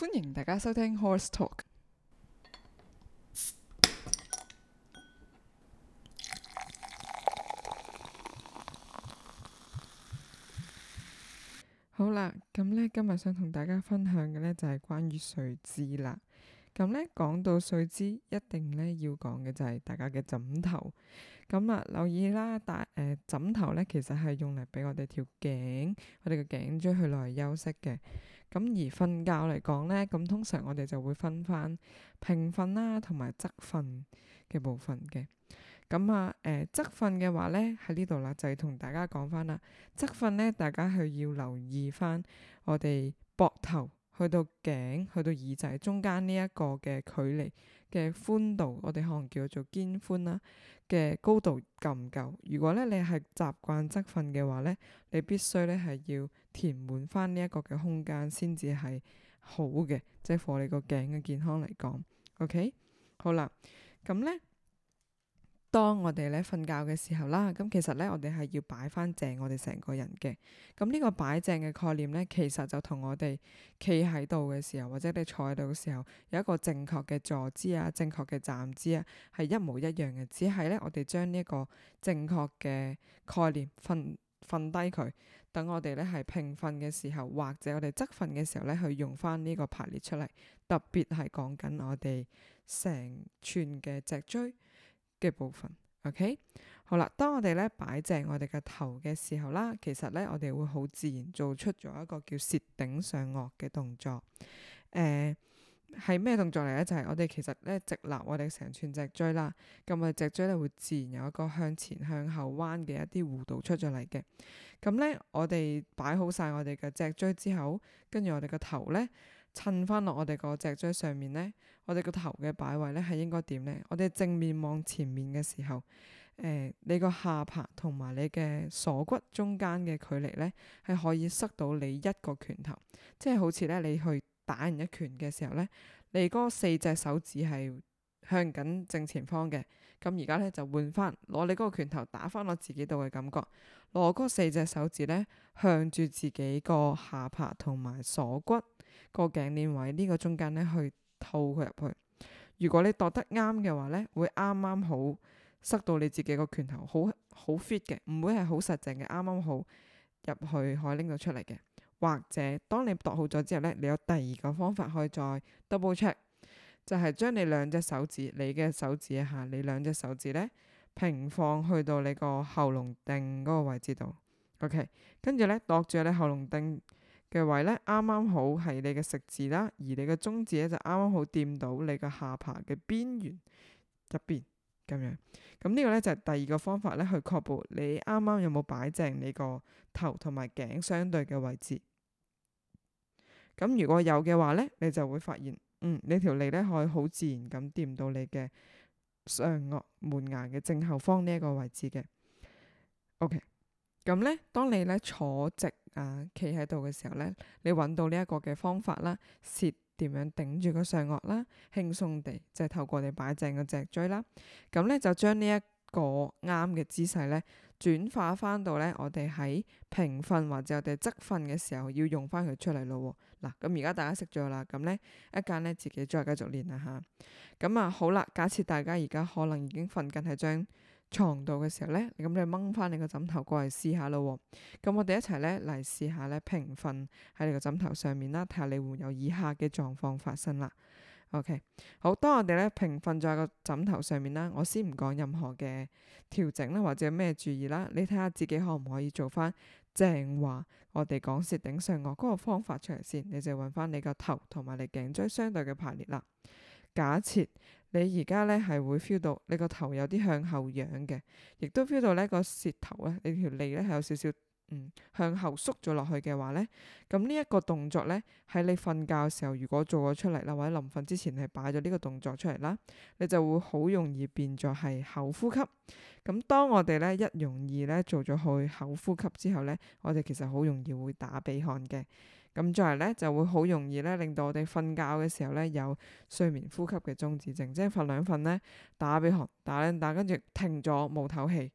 歡迎大家收聽《Horis Talk》。好啦，咁咧今日想同大家分享嘅咧就係關於睡姿啦。咁咧講到睡姿，一定咧要講嘅就係大家嘅枕頭。咁啊，留意啦，大誒枕頭咧其實係用嚟俾我哋條頸、我哋嘅頸椎去落嚟休息嘅。咁而瞓覺嚟講咧，咁通常我哋就會分翻平瞓啦，同埋側瞓嘅部分嘅。咁啊，誒側瞓嘅話咧，喺呢度啦，就係同大家講翻啦。側瞓咧，大家係要留意翻我哋膊頭，去到頸、去到耳仔中間呢一個嘅距離嘅寬度，我哋可能叫做肩寬啦嘅高度夠唔夠？如果咧你係習慣側瞓嘅話咧，你必須咧係要填滿翻呢一個嘅空間先至係好嘅，即係 for 你個頸嘅健康嚟講。OK，好啦，咁咧。當我哋咧瞓覺嘅時候啦，咁其實咧我哋係要擺翻正我哋成個人嘅。咁、這、呢個擺正嘅概念咧，其實就同我哋企喺度嘅時候，或者你坐喺度嘅時候，有一個正確嘅坐姿啊，正確嘅站姿啊，係一模一樣嘅。只係咧我哋將呢一個正確嘅概念瞓瞓低佢，等我哋咧係平瞓嘅時候，或者我哋側瞓嘅時候咧，去用翻呢個排列出嚟。特別係講緊我哋成串嘅脊椎嘅部分，OK，好啦，當我哋咧擺正我哋嘅頭嘅時候啦，其實咧我哋會好自然做出咗一個叫舌頂上顎嘅動作，誒、呃，係咩動作嚟？呢就係、是、我哋其實咧直立我哋成串脊椎啦，咁啊脊椎咧會自然有一個向前向後彎嘅一啲弧度出咗嚟嘅，咁咧我哋擺好晒我哋嘅脊椎之後，跟住我哋個頭咧。襯翻落我哋個脊椎上面呢，我哋個頭嘅擺位呢係應該點呢？我哋正面望前面嘅時候，誒、呃，你個下巴同埋你嘅鎖骨中間嘅距離呢，係可以塞到你一個拳頭，即係好似呢，你去打人一拳嘅時候呢，你嗰四隻手指係向緊正前方嘅。咁而家呢，就換翻攞你嗰個拳頭打翻落自己度嘅感覺，攞嗰四隻手指呢，向住自己個下巴同埋鎖骨。個頸鏈位呢，呢個中間呢，去套佢入去，如果你度得啱嘅話呢，會啱啱好塞到你自己個拳頭好好 fit 嘅，唔會係好實淨嘅，啱啱好入去可以拎到出嚟嘅。或者當你度好咗之後呢，你有第二個方法可以再 double check，就係將你兩隻手指，你嘅手指吓，你兩隻手指呢，平放去到你個喉嚨頂嗰個位置 okay，度，OK，跟住呢度住你喉嚨頂。嘅位咧，啱啱好係你嘅食指啦，而你嘅中指咧就啱啱好掂到你嘅下巴嘅邊緣入邊咁樣，咁、這個、呢個咧就第二個方法咧去確保你啱啱有冇擺正你個頭同埋頸相對嘅位置。咁如果有嘅話咧，你就會發現，嗯，你條脷咧可以好自然咁掂到你嘅上顎門牙嘅正後方呢一個位置嘅。O.K. 咁咧，當你咧坐直啊，企喺度嘅時候咧，你揾到呢一個嘅方法啦，舌點樣頂住個上顎啦，輕鬆地就係、透過你擺正個脊椎啦，咁、啊、咧就將呢一個啱嘅姿勢咧，轉化翻到咧我哋喺平瞓或者我哋側瞓嘅時候要用翻佢出嚟咯。嗱、啊，咁而家大家識咗啦，咁咧一間咧自己再繼續練下。咁啊，好啦，假設大家而家可能已經瞓緊係將床度嘅時候呢，咁你掹翻你個枕頭過嚟試下咯。咁我哋一齊呢嚟試下呢，平瞓喺你個枕頭上面啦，睇下你會唔會有以下嘅狀況發生啦。OK，好，當我哋呢平瞓在個枕頭上面啦，我先唔講任何嘅調整啦，或者咩注意啦，你睇下自己可唔可以做翻正話，我哋講舌頂上顎嗰個方法出嚟先，你就揾翻你個頭同埋你頸椎相對嘅排列啦。假設你而家咧係會 feel 到你個頭有啲向後仰嘅，亦都 feel 到咧個舌頭咧，你條脷咧係有少少嗯向後縮咗落去嘅話咧，咁呢一個動作咧喺你瞓覺嘅時候，如果做咗出嚟啦，或者臨瞓之前係擺咗呢個動作出嚟啦，你就會好容易變咗係口呼吸。咁當我哋咧一容易咧做咗去口呼吸之後咧，我哋其實好容易會打鼻鼾嘅。咁再嚟咧就會好容易咧令到我哋瞓覺嘅時候咧有睡眠呼吸嘅終止症，即係瞓兩瞓咧打鼻鼾打咧打，跟住停咗冇透氣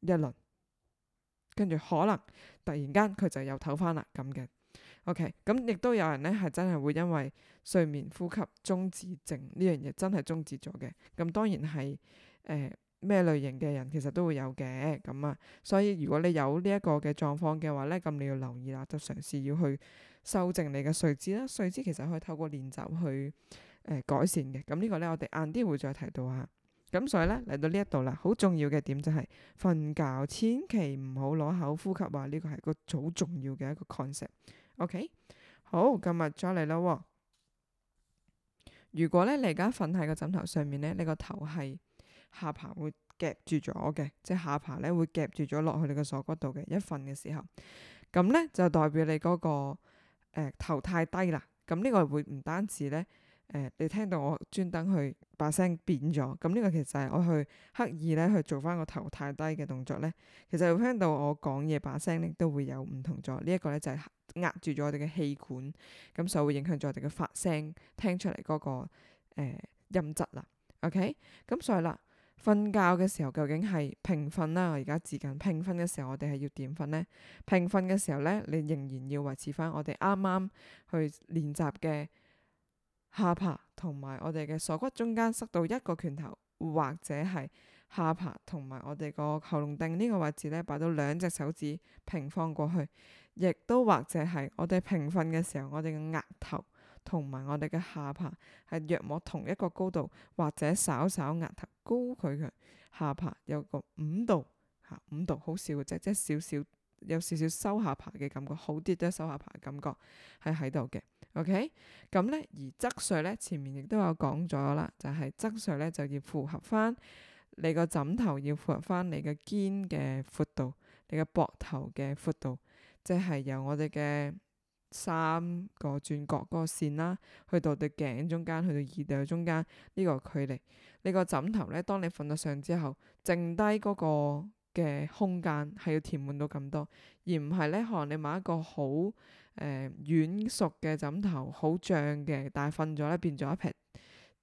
一輪，跟住可能突然間佢就又唞翻啦咁嘅。OK，咁亦都有人咧係真係會因為睡眠呼吸終止症呢樣嘢真係終止咗嘅。咁當然係誒。呃咩類型嘅人其實都會有嘅咁啊，所以如果你有呢一個嘅狀況嘅話咧，咁你要留意啦，就嘗試要去修正你嘅睡姿啦。睡姿其實可以透過練習去誒、呃、改善嘅。咁呢個咧我哋晏啲會再提到吓。咁所以咧，嚟到呢一度啦，好重要嘅點就係瞓覺千祈唔好攞口呼吸話，呢個係個好重要嘅一個 concept。OK，好，今日再嚟啦。如果咧你而家瞓喺個枕頭上面咧，你個頭係。下巴會夾住咗嘅，即係下巴咧會夾住咗落去你個鎖骨度嘅，一瞓嘅時候，咁咧就代表你嗰、那個誒、呃、頭太低啦。咁呢個會唔單止咧，誒、呃、你聽到我專登去把聲變咗，咁呢個其實係我去刻意咧去做翻個頭太低嘅動作咧，其實你會聽到我講嘢把聲咧都會有唔同咗。呢一個咧就係壓住咗我哋嘅氣管，咁所以會影響咗我哋嘅發聲，聽出嚟嗰、那個誒、呃、音質啦。OK，咁所以啦。瞓覺嘅時候，究竟係平瞓啦，我而家指緊平瞓嘅時候，我哋係要點瞓呢？平瞓嘅時候呢，你仍然要維持翻我哋啱啱去練習嘅下巴同埋我哋嘅鎖骨中間塞到一個拳頭，或者係下巴同埋我哋個喉嚨頂呢個位置呢，擺到兩隻手指平放過去，亦都或者係我哋平瞓嘅時候，我哋嘅額頭。同埋我哋嘅下巴，係約莫同一個高度，或者稍稍額頭高佢嘅下巴有個五度。吓，五度好少嘅啫，即係少少有少少收下巴嘅感覺，好啲都係收下巴嘅感覺係喺度嘅，OK？咁咧而側睡咧，前面亦都有講咗啦，就係側睡咧就要符合翻你個枕頭要符合翻你個肩嘅闊度，你個膊頭嘅闊度，即係由我哋嘅。三個轉角嗰個線啦，去到對頸中間，去到耳朵中間呢個距離。呢個枕頭咧，當你瞓到上之後，剩低嗰個嘅空間係要填滿到咁多，而唔係咧可能你買一個好誒、呃、軟熟嘅枕頭，好脹嘅，但係瞓咗咧變咗一撇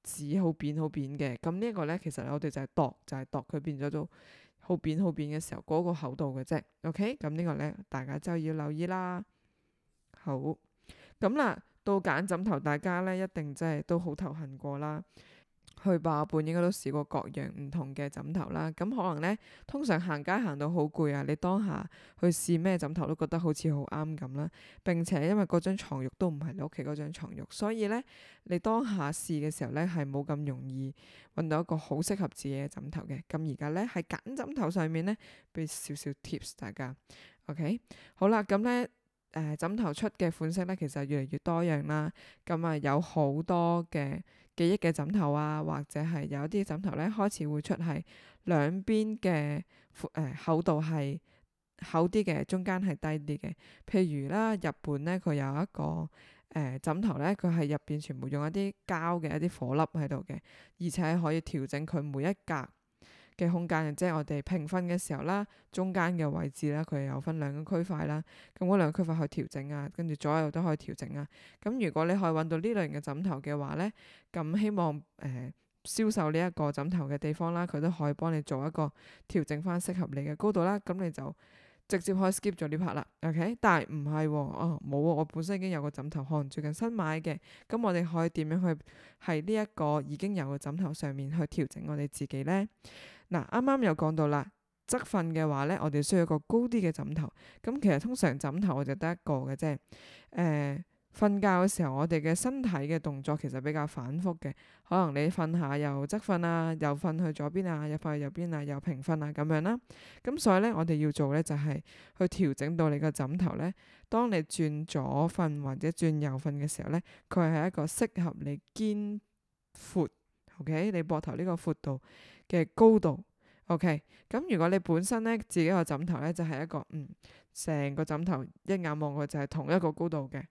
紙，好扁好扁嘅。咁呢個咧，其實我哋就係度就係度佢變咗到好扁好扁嘅時候嗰個厚度嘅啫。OK，咁呢個咧大家就要留意啦。好，咁啦，到揀枕頭，大家咧一定真係都好頭痕過啦。去八半應該都試過各樣唔同嘅枕頭啦。咁可能咧，通常行街行到好攰啊，你當下去試咩枕頭都覺得好似好啱咁啦。並且因為嗰張牀褥都唔係你屋企嗰張牀褥，所以咧你當下試嘅時候咧係冇咁容易揾到一個好適合自己嘅枕頭嘅。咁而家咧喺揀枕頭上面咧，俾少少 tips 大家。OK，好啦，咁咧。誒、呃、枕頭出嘅款式咧，其實越嚟越多樣啦。咁啊，有好多嘅記憶嘅枕頭啊，或者係有啲枕頭咧，開始會出係兩邊嘅誒，厚度係厚啲嘅，中間係低啲嘅。譬如啦，日本咧佢有一個誒、呃、枕頭咧，佢係入邊全部用一啲膠嘅一啲顆粒喺度嘅，而且可以調整佢每一格。嘅空間，即係我哋評分嘅時候啦，中間嘅位置啦，佢有分兩個區塊啦，咁嗰兩個區塊去調整啊，跟住左右都可以調整啊。咁如果你可以搵到呢類型嘅枕頭嘅話呢，咁希望誒、呃、銷售呢一個枕頭嘅地方啦，佢都可以幫你做一個調整翻適合你嘅高度啦。咁你就直接可以 skip 咗呢 part 啦。OK，但係唔係哦，冇、哦哦、我本身已經有個枕頭，可能最近新買嘅。咁我哋可以點樣去喺呢一個已經有個枕頭上面去調整我哋自己呢？嗱，啱啱又講到啦，側瞓嘅話咧，我哋需要一個高啲嘅枕頭。咁其實通常枕頭我就得一個嘅啫。誒、呃，瞓覺嘅時候，我哋嘅身體嘅動作其實比較反復嘅，可能你瞓下又側瞓啊，又瞓去左邊啊，又瞓去右邊啊，又平瞓啊，咁樣啦。咁所以咧，我哋要做咧就係去調整到你個枕頭咧。當你轉左瞓或者轉右瞓嘅時候咧，佢係一個適合你肩闊，OK？你膊頭呢個闊度，嘅高度，OK，咁如果你本身咧自己個枕頭咧就係一個，嗯，成個枕頭一眼望過，就係同一個高度嘅。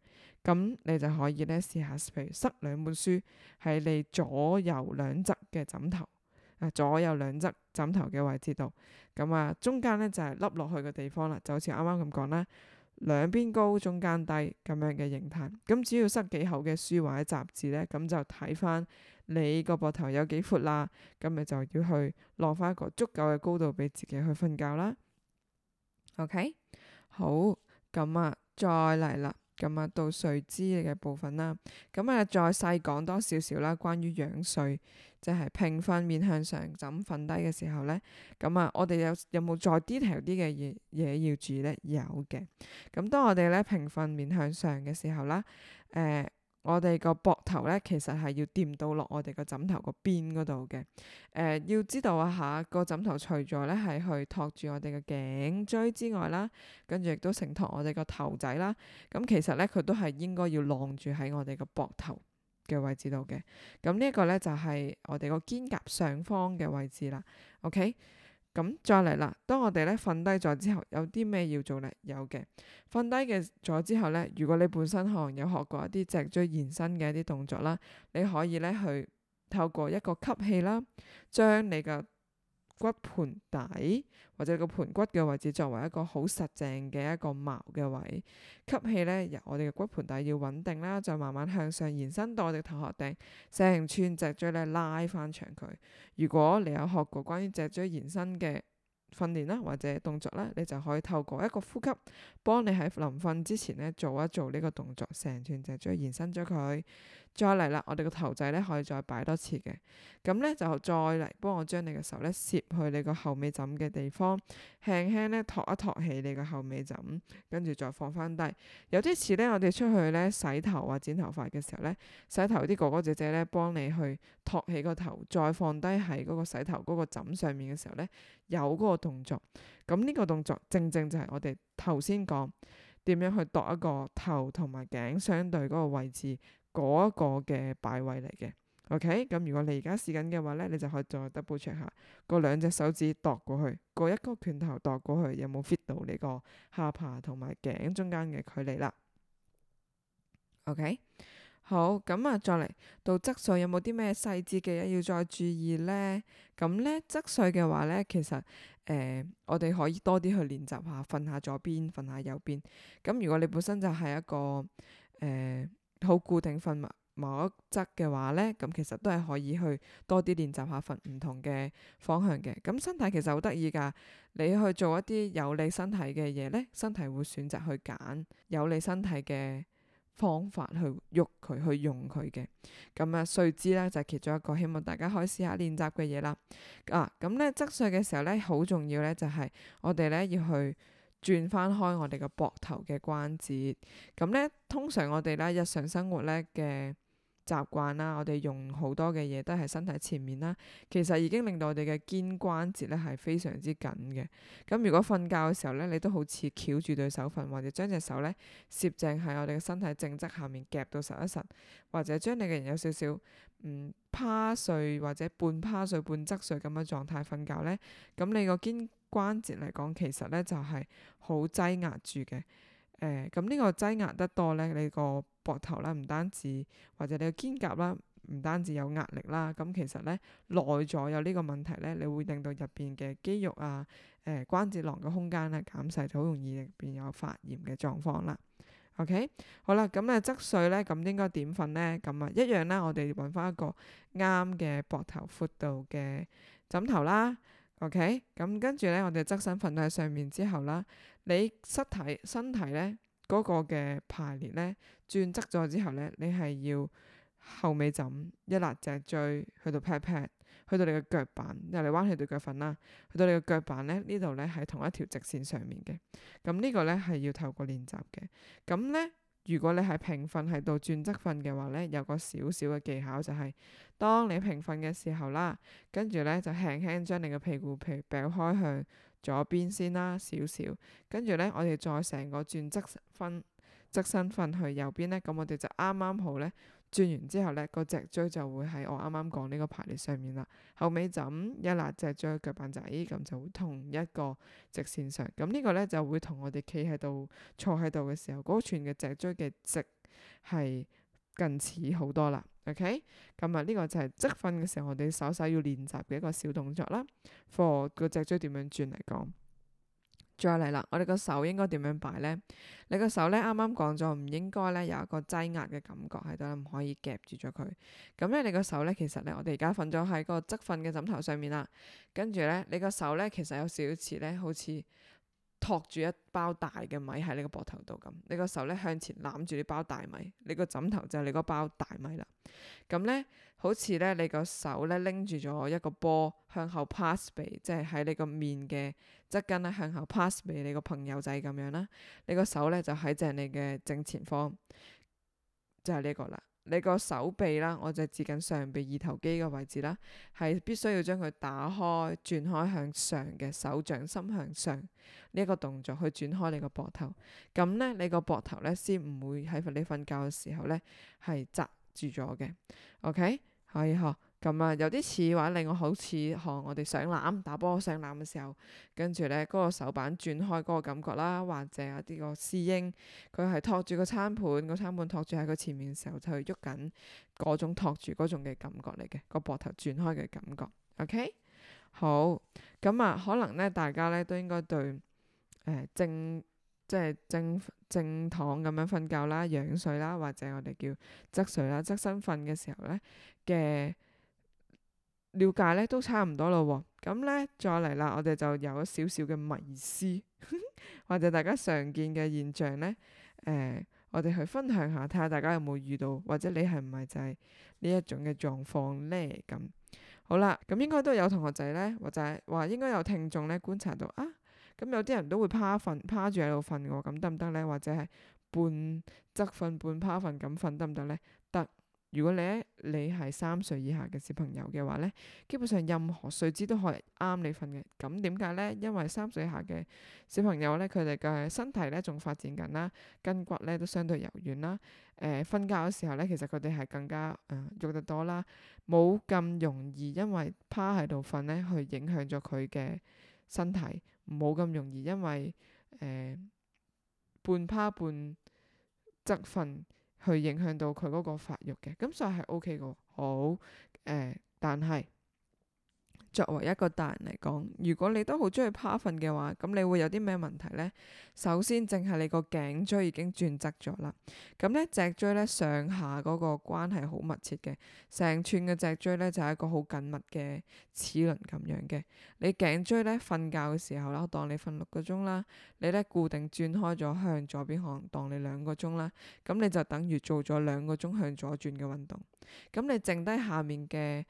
咁你就可以咧試下，譬如塞兩本書喺你左右兩側嘅枕頭，啊左右兩側枕頭嘅位置度，咁啊中間咧就係凹落去嘅地方啦，就好似啱啱咁講啦，兩邊高中間低咁樣嘅形態，咁只要塞幾厚嘅書或者雜誌咧，咁就睇翻。你個膊頭有幾闊啦、啊，咁你就要去落翻一個足夠嘅高度俾自己去瞓覺啦。OK，好，咁啊，再嚟啦，咁啊到睡姿嘅部分啦，咁啊再細講多少少啦，關於仰睡，即係平瞓面向上枕瞓低嘅時候咧，咁啊我哋有有冇再 detail 啲嘅嘢嘢要注意咧？有嘅，咁、啊、當我哋咧平瞓面向上嘅時候啦，誒、呃。我哋個膊頭咧，其實係要掂到落我哋個枕頭個邊嗰度嘅。誒、呃，要知道啊吓，個枕頭除咗咧係去托住我哋個頸椎之外啦，跟住亦都承托我哋個頭仔啦。咁、嗯、其實咧，佢都係應該要晾住喺我哋個膊頭嘅位置度嘅。咁、嗯，這個、呢一個咧就係、是、我哋個肩胛上方嘅位置啦。OK。咁再嚟啦，當我哋呢瞓低咗之後，有啲咩要做呢？有嘅，瞓低嘅咗之後呢，如果你本身可能有學過一啲脊椎延伸嘅一啲動作啦，你可以呢去透過一個吸氣啦，將你嘅。骨盆底或者個盆骨嘅位置作為一個好實淨嘅一個矛嘅位，吸氣呢，由我哋嘅骨盆底要穩定啦，再慢慢向上延伸到我哋頭殼頂，成串脊椎呢拉翻長佢。如果你有學過關於脊椎延伸嘅訓練啦，或者動作啦，你就可以透過一個呼吸，幫你喺臨瞓之前呢做一做呢個動作，成串脊椎延伸咗佢。再嚟啦！我哋個頭仔咧可以再擺多次嘅，咁咧就再嚟幫我將你嘅手咧，攝去你個後尾枕嘅地方，輕輕咧托一托起你個後尾枕，跟住再放翻低。有啲似咧，我哋出去咧洗頭啊、剪頭髮嘅時候咧，洗頭啲哥哥姐姐咧幫你去托起個頭，再放低喺嗰個洗頭嗰個枕上面嘅時候咧，有嗰個動作。咁呢個動作正正就係我哋頭先講點樣去度一個頭同埋頸相對嗰個位置。嗰一個嘅擺位嚟嘅，OK。咁如果你而家試緊嘅話呢，你就可以再 double check 下個兩隻手指度過去，個一個拳頭度，度過去，有冇 fit 到你個下巴同埋頸中間嘅距離啦？OK。好，咁啊，再嚟到側睡有冇啲咩細節嘅嘢要再注意呢？咁呢側睡嘅話呢，其實誒、呃、我哋可以多啲去練習下，瞓下左邊，瞓下右邊。咁如果你本身就係一個誒～、呃好固定瞓某一側嘅話咧，咁其實都係可以去多啲練習下瞓唔同嘅方向嘅。咁身體其實好得意㗎，你去做一啲有利身體嘅嘢咧，身體會選擇去揀有利身體嘅方法去喐佢去用佢嘅。咁啊，睡姿咧就係、是、其中一個希望大家可以試下練習嘅嘢啦。啊，咁咧側睡嘅時候咧，好重要咧，就係我哋咧要去。轉翻開我哋個膊頭嘅關節，咁咧通常我哋咧日常生活咧嘅習慣啦，我哋用好多嘅嘢都係身體前面啦，其實已經令到我哋嘅肩關節咧係非常之緊嘅。咁如果瞓覺嘅時候咧，你都好似翹住對手瞓，或者將隻手咧攝正喺我哋嘅身體正側下面夾到實一實，或者將你嘅人有少少嗯趴睡或者半趴睡半側睡咁嘅狀態瞓覺咧，咁你個肩。關節嚟講，其實咧就係好擠壓住嘅，誒、呃，咁呢個擠壓得多咧，你個膊頭咧唔單止或者你個肩胛啦，唔單止有壓力啦，咁其實咧耐咗有呢個問題咧，你會令到入邊嘅肌肉啊，誒、呃，關節囊嘅空間咧減細，就好容易入邊有發炎嘅狀況啦。OK，好啦，咁咧側睡咧，咁應該點瞓咧？咁啊，一樣咧，我哋揾翻一個啱嘅膊頭闊度嘅枕頭啦。OK，咁跟住咧，okay? 我哋側身瞓喺上面之後啦，你身體身體咧嗰個嘅排列咧轉側咗之後咧，你係要後尾枕一碌脊椎，再去到 pat pat，去到你嘅腳板，又嚟彎起對腳瞓啦，去到你嘅腳板咧呢度咧係同一條直線上面嘅，咁、這、呢個咧係要透過練習嘅，咁咧。如果你係平瞓喺度轉側瞓嘅話呢，有個少少嘅技巧就係，當你平瞓嘅時候啦，跟住呢就輕輕將你嘅屁股皮掹開向左邊先啦，少少，跟住呢，我哋再成個轉側瞓側身瞓去右邊呢。咁我哋就啱啱好呢。轉完之後咧，個脊椎就會喺我啱啱講呢個排列上面啦。後尾枕一拉脊椎腳板仔咁就會同一個直線上，咁呢個咧就會同我哋企喺度坐喺度嘅時候，嗰串嘅脊椎嘅直係近似好多啦。OK，咁啊呢個就係側瞓嘅時候，我哋手手要練習嘅一個小動作啦，for 個脊椎點樣轉嚟講。再嚟啦，我哋個手應該點樣擺呢？你個手呢，啱啱講咗唔應該呢，有一個擠壓嘅感覺喺度，唔可以夾住咗佢。咁呢，你個手呢，其實呢，我哋而家瞓咗喺個側瞓嘅枕頭上面啦，跟住呢，你個手呢，其實有少少似呢，好似。托住一包大嘅米喺你個膊頭度咁，你個手咧向前攬住呢包大米，你個枕頭就係你嗰包大米啦。咁咧，好似咧你個手咧拎住咗一個波向後 pass 俾，即係喺你個面嘅側跟咧向後 pass 俾你個朋友仔咁樣啦。你個手咧就喺正你嘅正前方，就係呢個啦。你個手臂啦，我就接近上，上臂二頭肌個位置啦，係必須要將佢打開，轉開向上嘅，手掌心向上呢一個動作去轉開你個膊頭，咁咧你個膊頭咧先唔會喺你瞓覺嘅時候咧係紮住咗嘅，OK，可以學。咁啊、嗯，有啲似話令我好似學我哋上籃打波上籃嘅時候，跟住呢嗰個手板轉開嗰個感覺啦，或者有啲個侍應佢係托住個餐盤、那個，個餐盤托住喺佢前面嘅時候就去喐緊嗰種托住嗰種嘅感覺嚟嘅，個膊頭轉開嘅感覺。OK，好咁啊、嗯嗯嗯，可能呢大家呢，都應該對、呃、正即係正正躺咁樣瞓覺啦、仰睡啦，或者我哋叫側睡啦、側身瞓嘅時候呢嘅。了解咧都差唔多咯喎，咁、嗯、咧再嚟啦，我哋就有一少少嘅迷思呵呵，或者大家常見嘅現象咧，誒、呃，我哋去分享下，睇下大家有冇遇到，或者你係唔係就係呢一種嘅狀況咧？咁、嗯、好啦，咁、嗯、應該都有同學仔咧，或者話應該有聽眾咧觀察到啊，咁、嗯、有啲人都會趴瞓，趴住喺度瞓喎，咁得唔得咧？或者係半側瞓半趴瞓咁瞓得唔得咧？得。如果你咧你係三歲以下嘅小朋友嘅話咧，基本上任何睡姿都可以啱你瞓嘅。咁點解咧？因為三歲以下嘅小朋友咧，佢哋嘅身體咧仲發展緊啦，筋骨咧都相對柔軟啦。誒、呃，瞓覺嘅時候咧，其實佢哋係更加誒喐、呃、得多啦，冇咁容易因為趴喺度瞓咧，去影響咗佢嘅身體，冇咁容易因為誒、呃、半趴半側瞓。去影響到佢嗰個發育嘅，咁所以係 ok 㗎喎，好，誒、呃，但係。作為一個大人嚟講，如果你都好中意趴瞓嘅話，咁你會有啲咩問題呢？首先，淨係你個頸椎已經轉側咗啦。咁呢脊椎呢，上下嗰個關係好密切嘅，成串嘅脊椎呢，就係一個好緊密嘅齒輪咁樣嘅。你頸椎呢，瞓覺嘅時候啦，當你瞓六個鐘啦，你呢固定轉開咗向左邊行，當你兩個鐘啦，咁你就等於做咗兩個鐘向左轉嘅運動。咁你剩低下，下面嘅。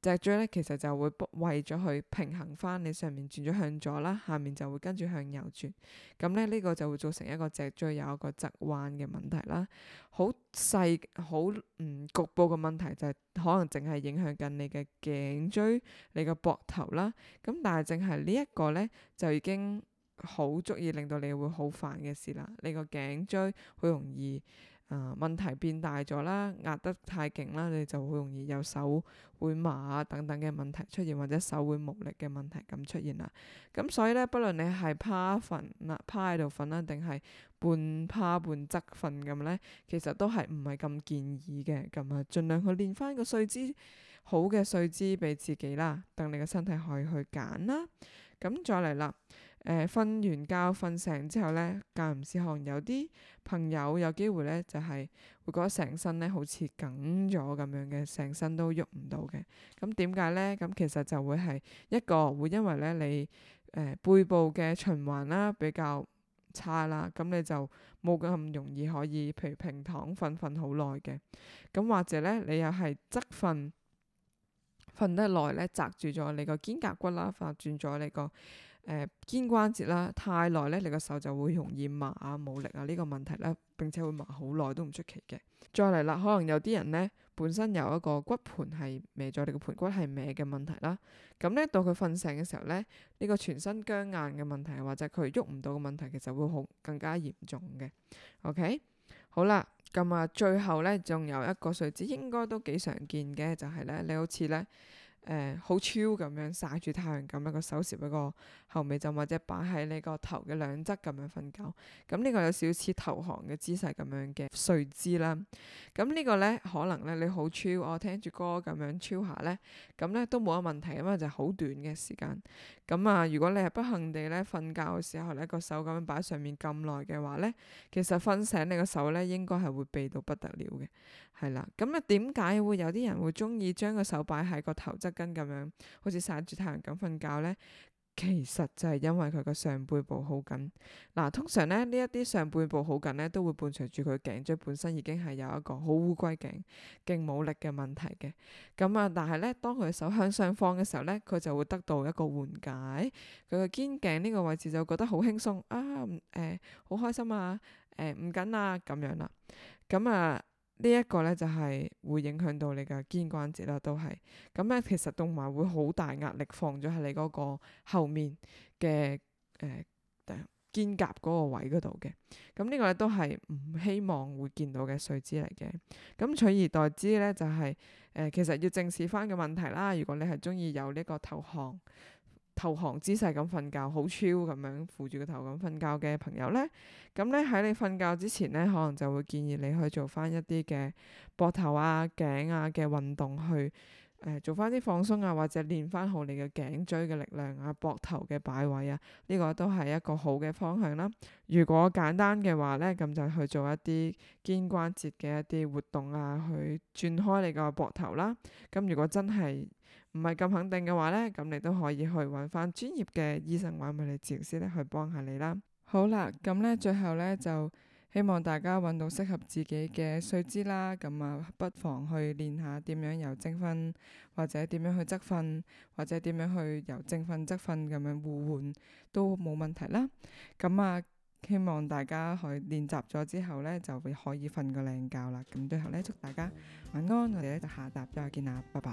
脊椎咧，其實就會為咗去平衡翻你上面轉咗向左啦，下面就會跟住向右轉，咁咧呢個就會造成一個脊椎有一個側彎嘅問題啦。好細好唔局部嘅問題就係可能淨係影響緊你嘅頸椎、你嘅膊頭啦。咁但係淨係呢一個咧，就已經好足以令到你會好煩嘅事啦。你個頸椎好容易。啊，問題變大咗啦，壓得太勁啦，你就好容易有手會麻啊、等等嘅問題出現，或者手會無力嘅問題咁出現啦。咁啊，所以呢，不論你係趴瞓啦，趴喺度瞓啦，定係半趴半側瞓咁呢，其實都係唔係咁建議嘅。咁啊，盡量去練返個睡姿，好嘅睡姿俾自己啦，等你個身體可以去揀啦。咁啊，再嚟啦。誒、瞓、呃、完覺瞓醒之後咧，間唔時可能有啲朋友有機會咧，就係、是、會覺得成身咧好似梗咗咁樣嘅，成身都喐唔到嘅。咁點解咧？咁、嗯、其實就會係一個會因為咧你誒、呃、背部嘅循環啦比較差啦，咁、嗯、你就冇咁容易可以譬如平躺瞓瞓好耐嘅。咁、嗯、或者咧你又係側瞓瞓得耐咧，扎住咗你個肩胛骨啦，反轉咗你個。誒、呃、肩關節啦，太耐咧，你個手就會容易麻啊、冇力啊呢、這個問題啦，並且會麻好耐都唔出奇嘅。再嚟啦，可能有啲人咧本身有一個骨盤係歪咗，你個盤骨係歪嘅問題啦。咁咧到佢瞓醒嘅時候咧，呢、這個全身僵硬嘅問題或者佢喐唔到嘅問題，其實會好更加嚴重嘅。OK，好啦，咁啊最後咧仲有一個睡姿應該都幾常見嘅，就係、是、咧你好似咧。誒，好超咁樣曬住太陽，咁樣個手攝一個後尾枕，或者擺喺你個頭嘅兩側咁樣瞓覺，咁呢個有少少似投降嘅姿勢咁樣嘅睡姿啦。咁呢個咧，可能咧你好超，我聽住歌咁樣超下咧，咁咧都冇乜問題，咁啊就好短嘅時間。咁啊，如果你係不幸地呢瞓覺嘅時候呢，個手咁樣擺上面咁耐嘅話呢，其實瞓醒你個手呢應該係會痹到不得了嘅，係啦。咁啊，點解會有啲人會鍾意將個手擺喺個頭側跟咁樣，好似曬住太陽咁瞓覺呢？其實就係因為佢個上背部好緊，嗱、啊、通常咧呢一啲上背部好緊咧，都會伴隨住佢頸椎本身已經係有一個好烏龜頸、勁冇力嘅問題嘅。咁啊，但係咧，當佢手向上方嘅時候咧，佢就會得到一個緩解，佢個肩頸呢個位置就覺得好輕鬆啊，誒、呃、好開心啊，誒唔緊啊咁樣啦，咁啊。呢一個咧就係會影響到你嘅肩關節啦，都係。咁咧其實動埋會好大壓力，放咗喺你嗰個後面嘅誒、呃、肩胛嗰個位嗰度嘅。咁、這、呢個咧都係唔希望會見到嘅睡姿嚟嘅。咁取而代之咧就係、是、誒、呃，其實要正視翻個問題啦。如果你係中意有呢個投降投降姿勢咁瞓覺，好超咁樣扶住個頭咁瞓覺嘅朋友咧，咁咧喺你瞓覺之前咧，可能就會建議你去做翻一啲嘅膊頭啊、頸啊嘅運動去誒、呃、做翻啲放鬆啊，或者練翻好你嘅頸椎嘅力量啊、膊頭嘅擺位啊，呢、這個都係一個好嘅方向啦。如果簡單嘅話咧，咁就去做一啲肩關節嘅一啲活動啊，去轉開你個膊頭啦。咁如果真係唔係咁肯定嘅話咧，咁你都可以去揾翻專業嘅醫生或者你治療師咧，去幫下你啦。好啦，咁咧最後咧就希望大家揾到適合自己嘅睡姿啦。咁啊，不妨去練下點樣由正瞓或者點樣去側瞓，或者點樣去由正瞓側瞓咁樣互換都冇問題啦。咁啊，希望大家去練習咗之後咧，就會可以瞓個靚覺啦。咁最後咧，祝大家晚安。我哋咧就下集再見啦，拜拜。